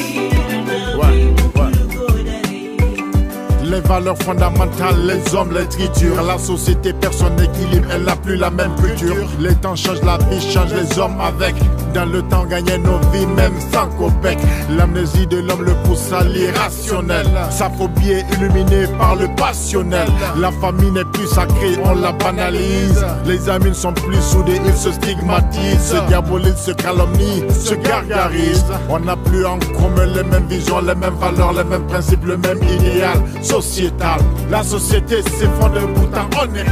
yeah. les valeurs fondamentales, les hommes les La société personne son équilibre, elle n'a plus la même culture. Les temps changent, la vie change, les hommes avec. Dans le temps, gagner nos vies, même sans copec. L'amnésie de l'homme le pousse à l'irrationnel. Sa phobie est illuminée par le passionnel. La famille n'est plus sacrée, on la banalise. Les amis ne sont plus soudés, ils se stigmatisent, se diabolisent, se calomnient, se gargarisent. On n'a plus en commun les mêmes visions, les mêmes valeurs, les mêmes principes, le même idéal. La société s'effondre de bouton on est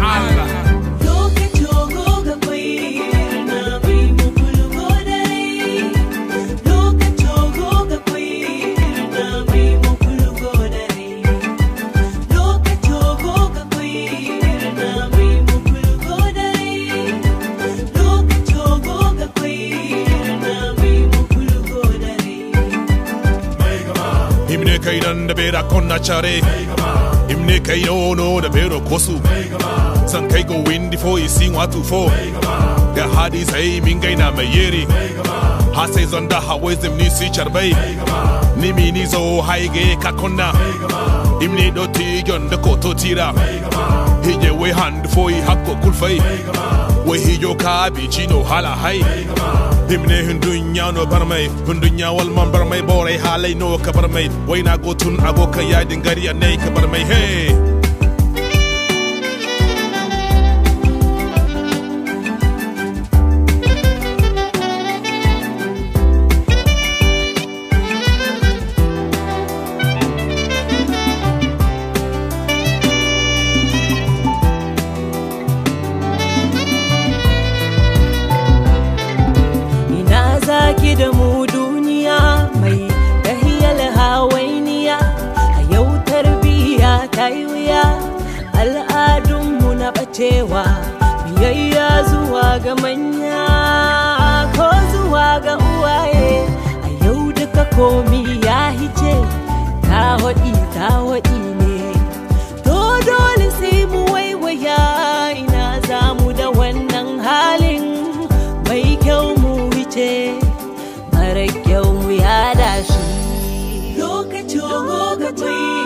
idan da bera kona chare imne kai no no da bero kosu san kai go windy for you sing what to for ga hadi say min gaina mai yeri ha sai zonda ha wai ni si charbai ni mi ni zo haige ka imne do ti yon da koto to tira hije we hand foi hakko kulfai we hijo kaabi chino hala hai himne hundunya no barmai hundunya wal man barmai bore halai no ka barmai waina gotun ago kayadin gari anai ka barmai hey ɗauki da mu duniya mai tahiyar hawainiya a yau tarbiya ta yi wuya al'adunmu na ɓacewa biyayya zuwa ga manya ko zuwa ga uwaye a yau duka komi rike ya da shi lokacin lokacin